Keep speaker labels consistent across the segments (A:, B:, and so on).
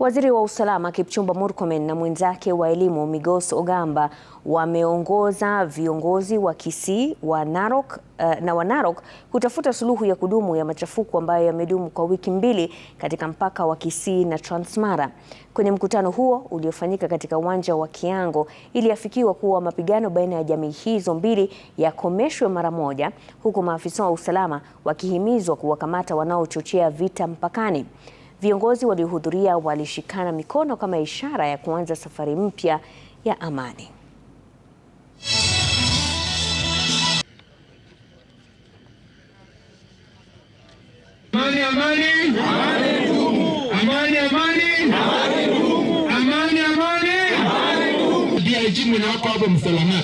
A: Waziri wa usalama Kipchumba Murkomen na mwenzake wa elimu Migos Ogamba wameongoza viongozi wa Kisii wa Narok, uh, na wa Narok kutafuta suluhu ya kudumu ya machafuko ambayo yamedumu kwa wiki mbili katika mpaka wa Kisii na Transmara. Kwenye mkutano huo uliofanyika katika uwanja wa Kiango, iliafikiwa kuwa mapigano baina ya jamii hizo mbili yakomeshwe mara moja, huku maafisa wa usalama wakihimizwa kuwakamata wanaochochea vita mpakani. Viongozi waliohudhuria walishikana mikono kama ishara ya kuanza safari mpya ya amani.
B: Amani, amani. Amani, amani. amani. Amani, amani.
C: Amani,
D: amani.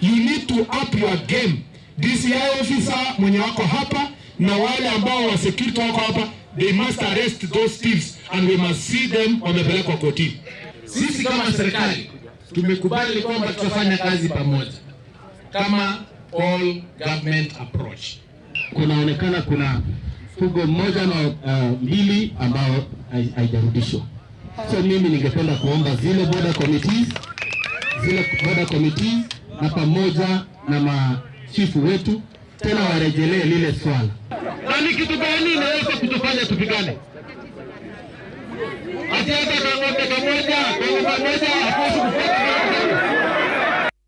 D: you need to up your game. DCI officer mwenye wako hapa na wale ambao wa security wako hapa, they must arrest those thieves and we must see them wamepelekwa kotini.
E: Sisi kama serikali tumekubali kwamba tutafanya kazi pamoja kama all government approach.
F: Kunaonekana kuna fugo mmoja na uh, mbili ambao haijarudishwa. So mimi ningependa kuomba zile border committees, zile border committees na pamoja na machifu wetu tena warejelee lile swala.
G: Na ni kitu gani inaweza kutufanya tupigane? Asiata kang'ombe kamoja, kang'ombe kamoja